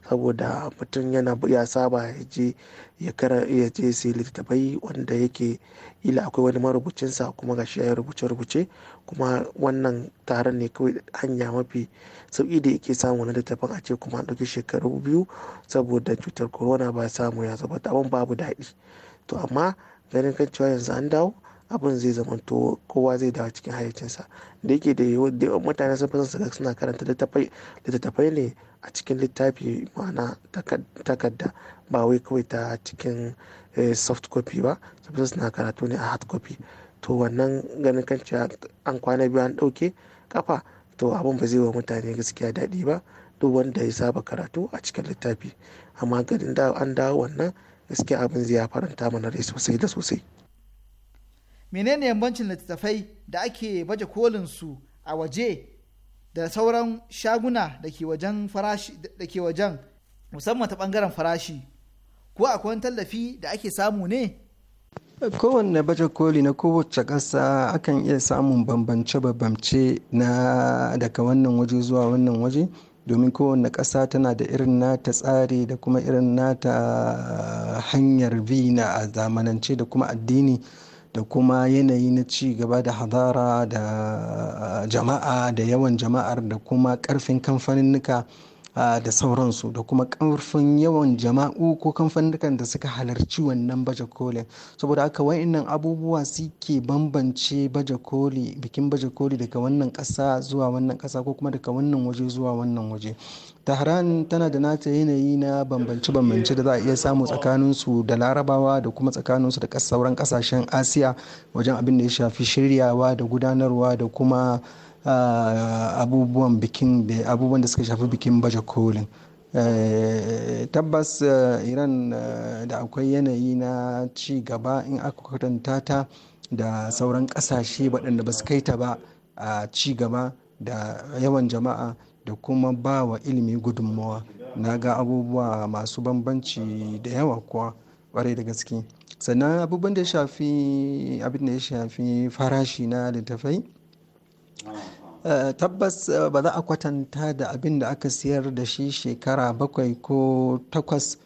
S15: saboda mutum yana ya saba ya je ya kara ya je sai littattafai wanda yake ila akwai wani marubucin sa kuma ga shi ya rubuce rubuce kuma wannan taron ne kawai hanya mafi sauki da yake samu na littattafan a ce kuma dauki ɗauki shekaru biyu saboda cutar corona ba samu ya zaba abin babu daɗi to amma ganin kan cewa yanzu an dawo abin zai to kowa zai dawo cikin hayyacinsa da yake da mutane sun fi son su suna karanta littattafai ne a cikin littafi ma'ana takarda ba wai kawai ta cikin eh, soft copy ba saboda suna karatu ne a hard copy to wannan ganin kan an kwana biyu an ɗauke kafa to abin ba zai wa mutane gaskiya daɗi ba duk wanda ya saba karatu a cikin littafi amma ganin da an dawo wannan gaskiya abin zai faranta mana rai sosai da sosai
S13: menene yambancin littattafai da ake baje kolin su a waje da sauran shaguna da ke wajen farashi da ke wajen musamman ta bangaren farashi ko akwai tallafi da ake samu ne
S14: kowanne baje koli na kowace ƙasa akan iya samun bambance-bambance na daga wannan waje zuwa wannan waje domin kowanne ƙasa tana da irin nata tsari da kuma irin nata hanyar bi na a zamanance da kuma addini da kuma yanayi na ci gaba da hadara da ah, jama'a da yawan jama'ar da kuma karfin kamfaninnika ah, da sauransu da kuma karfin yawan jama'u ko kamfanin da suka halarci wannan baje koli saboda haka wa'annan abubuwa suke bambance baje koli bikin baje koli daga wannan ƙasa zuwa wannan ƙasa ko kuma daga wannan waje zuwa wannan waje Tehran tana da nata yanayi na bambance-bambance da za a iya samu su da larabawa da kuma tsakanin su da sauran kasashen asiya wajen abin da ya shafi shiryawa da gudanarwa da kuma ah, abubuwan bikin abubuwan da suka shafi bikin baje kolin eh, tabbas eh, iran eh, da akwai yanayi na ci gaba in aka kwatanta ta da sauran kasashe waɗanda ba su kai ta ba a ci gaba da yawan jama'a da kuma ba wa ilimi gudunmawa na ga abubuwa masu bambanci da yawa kuwa kwarai da gaske sannan abubuwan da shafi abin da ya shafi farashi na littafai eh, tabbas eh, ba za a kwatanta da abin da aka siyar da shi shekara bakwai ko takwas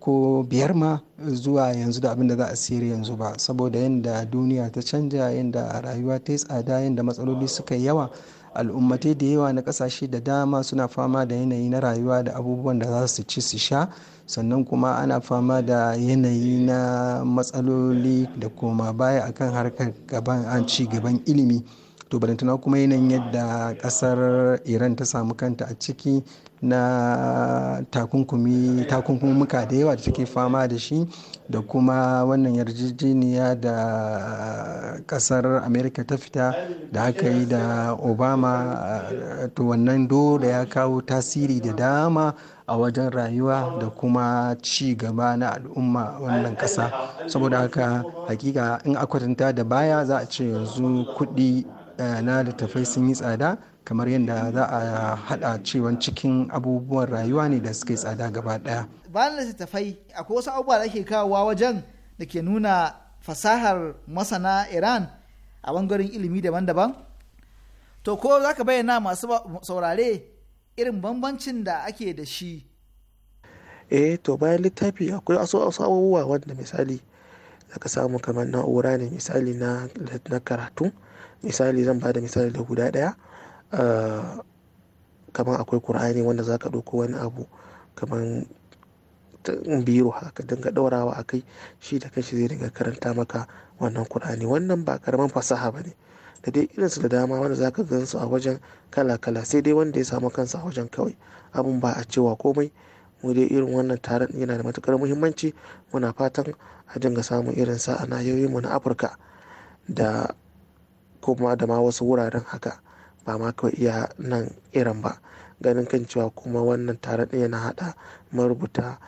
S14: ko biyar ma zuwa yanzu da abin da za a siyar yanzu ba saboda yadda duniya ta canja yadda rayuwa ta yi tsada yadda matsaloli suka yawa al'ummatai da yawa na kasashe da dama suna fama da yanayi na rayuwa da abubuwan da za su ci su sha sannan kuma ana fama da yanayi na matsaloli da koma baya akan harkar gaban an ci gaban ilimi to barantana kuma yanayin yadda kasar iran ta samu kanta a ciki na takunkumi takunkumuka da yawa da take fama da shi da kuma wannan yarjejeniya da kasar america ta fita da aka yi da obama to wannan dole ya kawo tasiri da dama a wajen rayuwa da kuma ci gaba na al'umma wannan kasa saboda haka hakika in akwatanta da baya za a ce yanzu kuɗi na littattafai sun yi tsada kamar yadda za a hada cewan cikin abubuwan rayuwa ne da suke tsada gaba daya
S13: bayan littattafai akwai wasu abubuwa da ke kawowa wajen da ke nuna fasahar masana iran a bangaren ilimi daban-daban to ko za ka bayyana masu saurare irin bambancin da ake da shi
S15: e to bayan littafi akwai wasu abubuwa wanda misali ka samu kamar na'ura ne misali na karatu misali zan ba da misali da guda ɗaya ah, kamar akwai kur'ani wanda za ka ɗauko wani abu kamar biro haka dinga ɗaurawa a kai shi da kanshi zai dinga karanta maka wannan kur'ani wannan ba karaman fasaha ba ne da dai irinsu da dama wanda za ka gansu a wajen kala-kala sai dai wanda ya samu kansa a wajen kawai abun ba a cewa komai mu dai irin wannan taron yana da matukar muhimmanci muna fatan a dinga samun irin sa a mu na afirka da ko kuma da ma wasu wuraren haka ba ma kawai iya nan irin ba ganin kan cewa kuma wannan taron ɗaya yana haɗa marubuta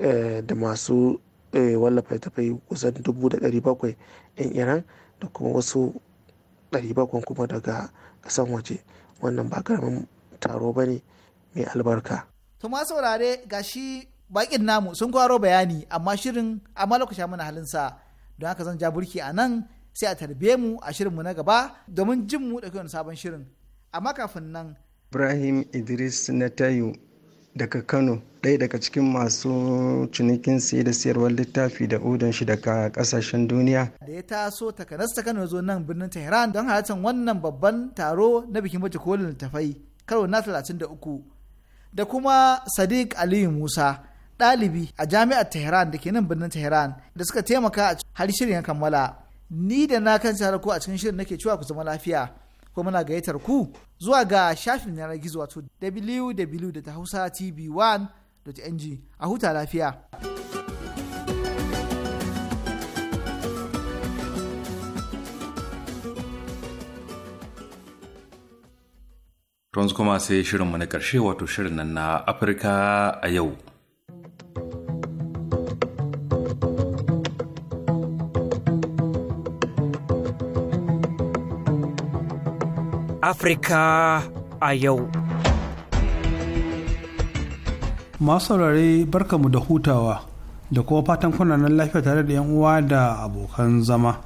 S15: eh, da masu eh, wallafa fai kusan dubu da ɗari bakwai yan iran da kuma wasu ɗari bakwai kuma daga ƙasan waje wannan ba karamin taro ba ne mai albarka.
S13: to saurare ga shi bakin namu sun kwaro bayani amma shirin amma lokacin mana halinsa don haka zan ja burki a nan sai a tarbe mu a shirin mu na gaba domin jin mu da wani sabon shirin amma kafin nan
S14: ibrahim idris na daga kano ɗaya daga cikin masu cinikin siye da siyarwar littafi da odon shi daga ƙasashen duniya
S13: da ya taso takanas ta kano zo nan birnin tehran don halartar wannan babban taro na bikin baje kolin littafai karo na talatin da uku da kuma sadiq aliyu musa ɗalibi a jami'ar tehran da ke nan birnin tehran da suka taimaka a har shirin kammala ni da na kan tare ku a cikin shirin nake cewa ku zama lafiya ko muna gayyatar ku zuwa ga shafin yanar gizo wato www.hausatv1.ng a huta lafiya.
S1: Tons kuma sai shirinmu na ƙarshe wato shirin nan na Afirka a yau.
S3: Afirka a yau.
S16: Masu saurare barkamu da hutawa da kuma fatan kwananan lafiya tare da 'yan uwa da abokan zama.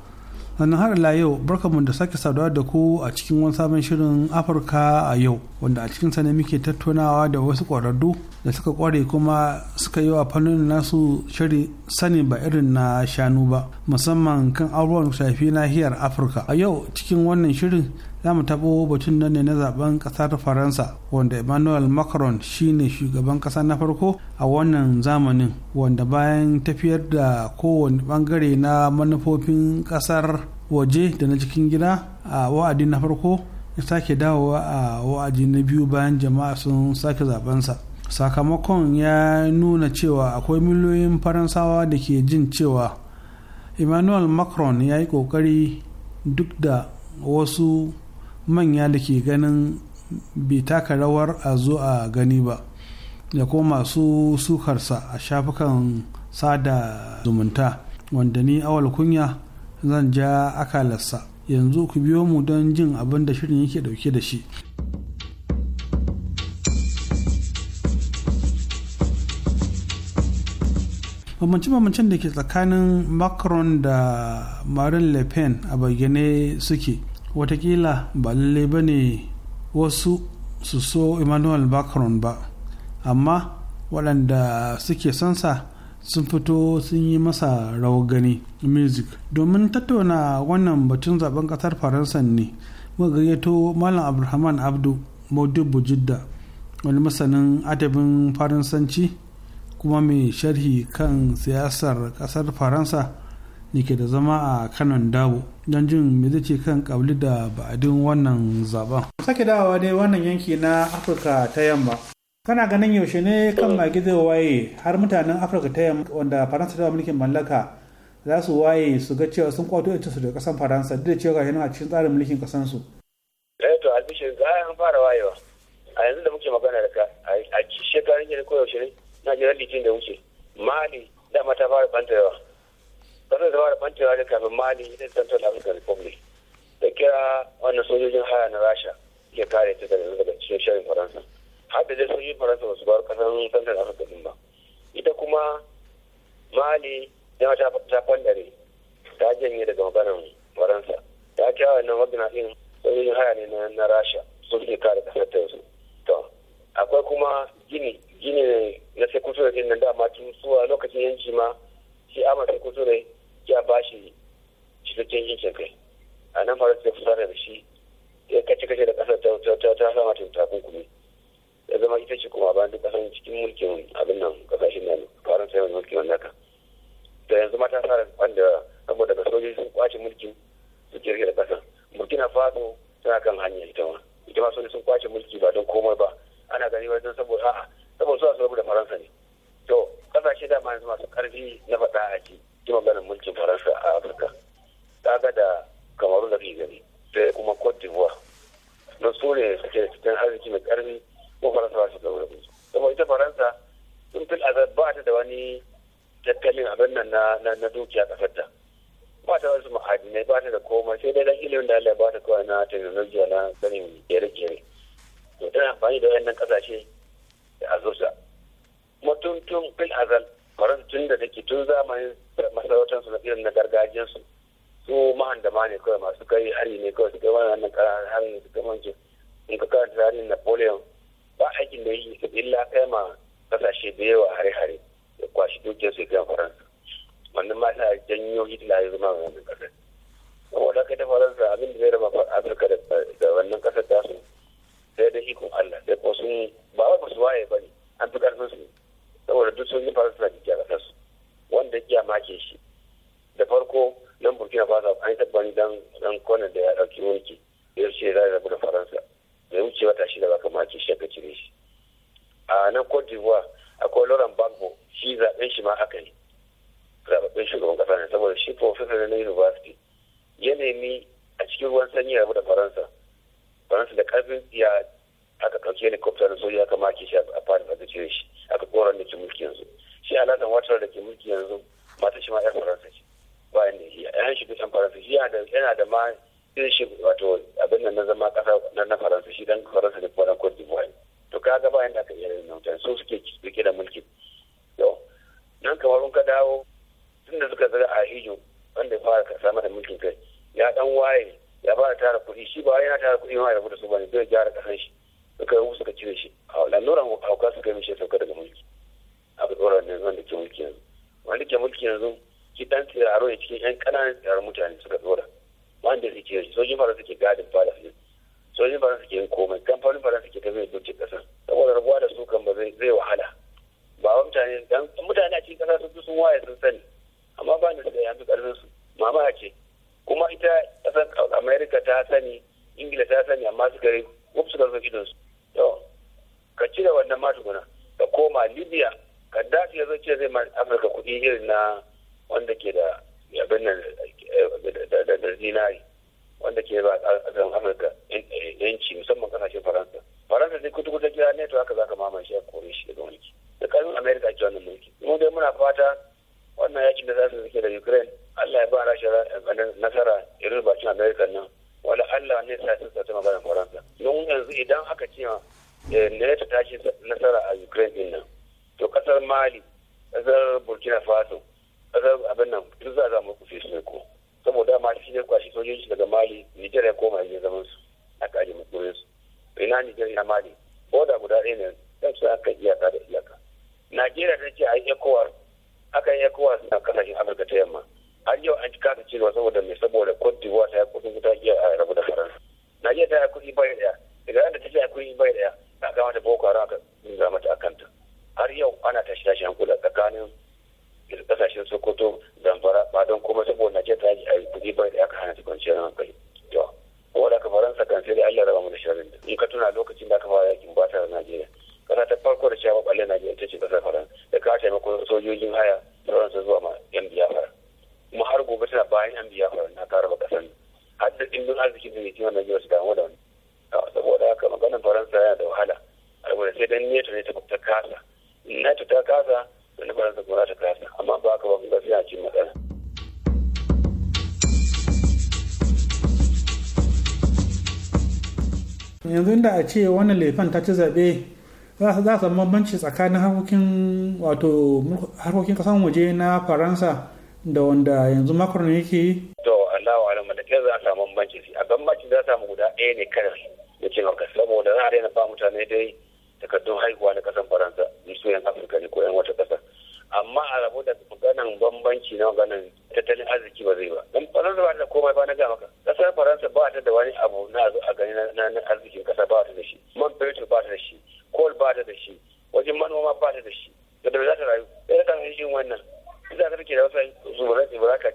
S16: sannan har la yau barkamu da sake saduwa da ku a cikin wani sabon shirin afirka a yau wanda a cikin ne muke tattaunawa da wasu ƙwararru da suka ƙware kuma suka yi wa fannin nasu shiri sani ba irin na shanu ba musamman kan abubuwan shafi nahiyar afirka a yau cikin wannan shirin za mu tabo batun nan ne na zaben kasar faransa wanda emmanuel macron shine shugaban kasa na farko a wannan zamanin wanda bayan tafiyar da kowane bangare na manufofin kasar waje da na cikin gida a wa'adi na farko ya sake dawowa a wa'adi na biyu bayan jama'a sun sake zabensa sakamakon ya nuna cewa akwai miliyoyin faransawa da ke jin cewa emmanuel macron ya yi kokari duk da wasu manya da ke ganin bai taka rawar a zo a gani ba da kuma masu sukarsa a shafukan sada zumunta wanda ni awal kunya zan ja akalarsa yanzu ku biyo mu don jin abin da shirin yake dauke da shi bambance-bambancen da ke tsakanin macron da marine le pen a bayyane suke watakila ba lalle ba ne wasu su so emmanuel macron ba amma waɗanda suke sansa sun fito sun yi masa rawar gani music domin tattauna wannan batun zaben ƙasar faransa ne muka gayyato malam abdulrahman abdu maudubu jidda wani masanin adabin faransanci kuma mai sharhi kan siyasar ƙasar faransa ne ke da zama a kanon dabo don jin me zai ce kan kabli da ba'adin wannan zaben. sake dawowa dai wannan yanki na afirka ta yamma kana ganin yaushe ne kan magi zai waye har mutanen afirka ta yamma wanda faransa ta mulkin mallaka za su waye su ga cewa sun kwato su da kasan faransa duk da cewa ga a cikin tsarin mulkin kasan su.
S17: eh to albishir za a fara wayewa a yanzu da muke magana da ka a shekarun yanzu ko yaushe ne na jiran litin da wuce mali dama ta fara bantarewa sannan zama da bankin rajin kafin mali ita central african republic da kira wannan sojojin haya na rasha ya kare ta daga daga cikin shirin faransa har da sojojin faransa ba su bar kasan central africa din ba ita kuma mali ya ta ta kwandare ta janye daga maganan faransa ta kira wannan magana din sojojin haya ne na rasha su ke kare kasar ta yanzu to akwai kuma gini gini na sai kusur da nan dama tun suwa lokacin yanci ma shi ama sai kusur ya ba shi cikakken yin kai a nan fara ya fusa da shi ya kace kace da kasar ta ta sama ta takunkumi ya zama ita ce kuma ba duk kasan cikin mulkin abin nan kasashen nan sai wani mulkin wanda ka da yanzu mata sa da wanda saboda daga sojoji sun kwace mulkin su kirge da kasan burkina faso tana kan hanya ita ma ita ma sojoji sun kwace mulki ba don komai ba ana gani wai don saboda a'a saboda su a saboda faransa ne to kasashe dama yanzu masu karfi na faɗa a ciki ji maganin mulkin faransa a afirka ta ga da kamaru da gari sai kuma cote d'ivoire don su ne suke da cikin arziki mai karfi ko faransa ba su da wuri kuma ita faransa sun fi azar ba ta da wani tattalin abin nan na dukiya kasar ta ba ta wasu ma'adinai ba ta da komai sai dai dan ilimin da Allah ba ta kawai na technology na sanin kere-kere to tana amfani da wayannan kasashe da azurta tun fil azal faransa tun da take tun zamanin masarautar su na irin na gargajiyar su su mahandama ne kawai masu kai hari ne kawai su kai wani nan hari ne su kai manci in ka karanta harin napoleon ba aikin da yi su illa kai ma kasashe da yawa hare-hare da kwashi dukiyar su kai faransa wannan ma ta janyo hitler ya zama wannan kasar saboda kai ta faransa abin da zai raba afirka da wannan kasar tasu sai da ikon allah sai ko sun ba wa ba su waye ba ne an fi karfin su saboda duk sun yi faransa suna jiya kasar su wanda ya make shi da farko nan burkina faso an yi tabbani dan dan da ya dauki mulki ya ce za rabu da faransa da wuce wata shida ba kama ce shi ka cire shi a nan cote d'ivoire akwai laurent gbagbo shi zaben shi ma ne. yi zaɓaɓɓen shugaban kasa ne saboda shi professor na university ya nemi a cikin ruwan sanyi rabu da faransa faransa da ƙarfin ya aka ɗauki helicopter da soja aka maki shi a fadin a cire shi aka koran da ke mulki yanzu shi alasan watar da ke mulki yanzu mata shi ma yan faransa ce ba yanda shi a yan shi bisan faransa shi yana da ma irin shi wato abin nan na zama ƙasa na na faransa shi dan faransa da kuma na cote d'ivoire to kaga ba yanda aka iya rena mutane su suke rike da mulki yau nan kamar ka dawo tun da suka zaga a hijo wanda ya fara samar da mulkin kai ya dan waye ya fara tara kuɗi shi ba yana tara kuɗi ma ya rabu da su ne zai gyara ƙasar shi suka yi suka cire shi a laluran hauka suka yi mishi sauka daga mulki a tsoron da wanda ke mulki yanzu wanda ke mulki yanzu shi dan tsiraro ne cikin yan kananan tsirar mutane suka tsora wanda zai cire shi sojin faransa ke gadin fada ne sojin faransa ke yin komai kamfanin faransa ke tafiya dokin kasa saboda rabuwa da su kan ba zai wahala ba wa mutane dan mutane a cikin kasa sun sun waye sun sani amma ba da ya fi karfin su mama ce kuma ita kasar america ta sani ingila ta sani amma suka yi wasu da zafi to ka cire wannan ma tukuna ka koma libya ka dafi ya zace zai afirka kuɗi irin na wanda ke da yabin nan da zinari wanda ke ba ƙasar afirka yanci musamman ƙasashen faransa faransa zai kutu kuta kira ne haka za ka mamaye shi a kore shi daga mulki da ƙarfin amerika ke wannan mulki mu dai muna fata wannan yakin da za su suke da ukraine allah ya ba rashin eh, nasara irin bakin amerika nan wala allah ne sa sun sa ta magana faransa don yanzu idan aka ce eh, nato ta ce nasara a ukraine din nan to kasar mali kasar burkina faso kasar abin nan duk za a zama kufi su ko saboda ma shi ne kwashi sojoji daga mali nijar ya koma yanzu zaman su a kaji matsoyin su ina nijar ya mali boda guda ɗaya ne kan su aka iyaka da iyaka najeriya ta ce a yi ekowar aka yi ekowar suna kasashen afirka ta yamma har yau an kasa cewa saboda mai saboda cote d'ivoire ta yi kudin wuta a rabu da faransa Najeriya ta kuɗi bai daya daga ran da ta tsaya kuɗi bai daya a kama ta Boko Haram aka dinga mata a kanta har yau ana tashi tashi hankula tsakanin kasashen Sokoto Zamfara ba don kuma saboda Najeriya ta yi kuɗi bai daya aka hana ta kwanciyar hankali to kuma ka Faransa kan sai da Allah raba mu da sharrin da in ka tuna lokacin da aka fara yakin ba ta Najeriya kasa ta farko da shafa ɓalle Najeriya ta ce kasar Faransa da ka taimakon sojojin haya da sauransu zuwa ma yan biyafara kuma har gobe tana bayan yan biyafara na karaba kasar haddadin da arziki da ke cikin su damu da wani saboda haka maganin faransa yana da wahala saboda sai dan neto ne ta kasa neto ta kasa na faransa kuma ta kasa amma ba ka ba kuma suna cikin matsala.
S16: yanzu da a ce wannan laifin ta ci zaɓe za za samu bambanci tsakanin harkokin wato harkokin kasan waje na faransa da wanda yanzu macron yake yi
S17: da madagascar za a samu bambanci a bambanci za a samu guda ɗaya ne kadai da cin hauka saboda za a daina ba mutane dai takardun haihuwa na ƙasar faransa ni su yan afirka ne ko yan wata ƙasa amma a rabu da maganan bambanci na maganan tattalin arziki ba zai ba don faransa ba da komai ba na ga maka ƙasar faransa ba ta da wani abu na zo a gani na arzikin ƙasa ba ta da shi man fetur ba ta da shi kol ba ta da shi wajen manoma ba ta da shi da da za ta rayu ɗaya da kan wannan ita ka take da ba zubarai zubarai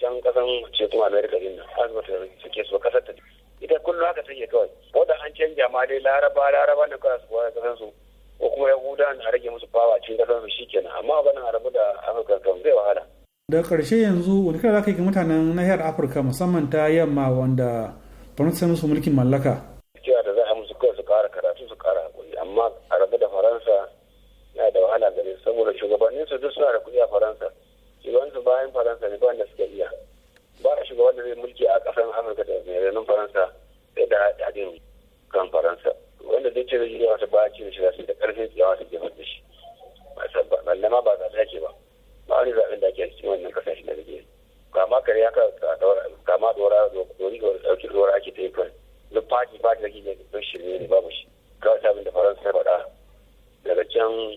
S17: can kasan ce kuma america din nan suke kasar ta ita kullum haka take kawai ko an canja ma dai laraba laraba ne kawai su kawai kasan su ko kuma Yahuda a rage musu fawa cikin kasan su shikenan amma ganin a rabu da amurka kan zai wahala
S3: da karshe
S16: yanzu wani kira zaka yi mutanen nahiyar afirka musamman ta yamma wanda faransa musu mulkin mallaka
S17: cewa da za a musu kawai su kara karatu su kara hakuri amma a rabu da faransa na da wahala gare saboda shugabanninsu duk suna da kuɗi a faransa su bayan faransa ne ba da suka iya ba a shiga wanda zai mulki a ƙasar amurka da mai renon faransa ya da haɗin kan faransa wanda zai ce zai yi wata ba ce da shi da ƙarfin tsiyawa su jefar da shi balle ma ba zaɓe ake ba ba wani zaɓen da ake cikin wannan ƙasashe da zai kama kare ya kama dora da ɗauki dora ake ta yi kan duk fati fati da kike don shirme ne babu shi kawai sabon da faransa ya faɗa daga can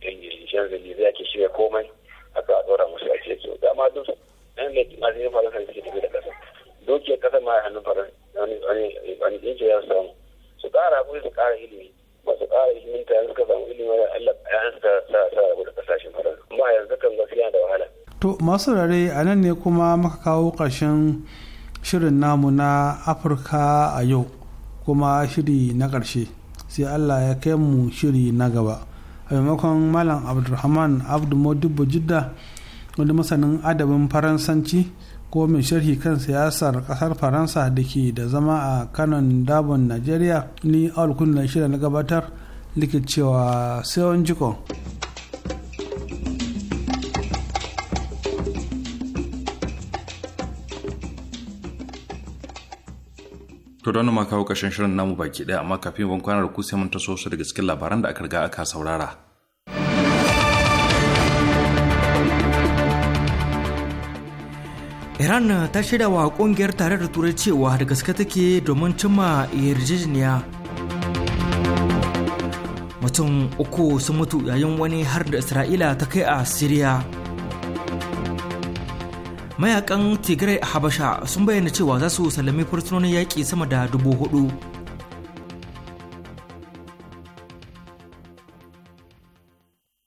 S17: eh, shan zai ake shirya komai aka ɗora musu a ce to dama duk ɗan da masu yin faransa suke da ƙasa dukiyar ƙasa ma a hannu fara wani ɗinke ya samu su ƙara ko su ƙara ilimi ba su ƙara ilimin ta suka samu ilimi wani Allah ya suka sa sa rabu da ƙasashen faransa amma yanzu kan gaskiya da wahala.
S16: to masu rare a nan ne kuma muka kawo ƙarshen shirin namu na afirka a yau kuma shiri na ƙarshe sai allah ya kai mu shiri na gaba a maimakon malam abdulrahman abdu modibo jidda wani masanin adabin faransanci ko mai sharhi kan siyasar kasar faransa da ke da zama a kanon dabon nigeria ni alkun kunna shida na gabatar likicewa sai wani jikon
S1: To don ma kawo ƙarshen shirin namu baki ɗaya amma kafin ban kwana da ku sai mun su daga cikin labaran da aka riga aka saurara.
S3: Iran ta shirya wa ƙungiyar tare da turai cewa da gaske take domin cimma yarjejeniya. Mutum uku sun mutu yayin wani har da Isra'ila ta kai a Siriya. mayakan tigray a habasha sun bayyana cewa za su sallami fursunonin yaƙi sama da dubu hudu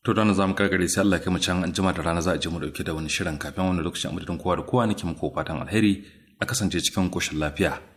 S1: to ranar zamu karkare sai Allah kai can an jima da rana za a je mu dauke da wani shirin kafin wani lokacin amadadin kowa da kowa nake muku fatan alheri a kasance cikin koshin lafiya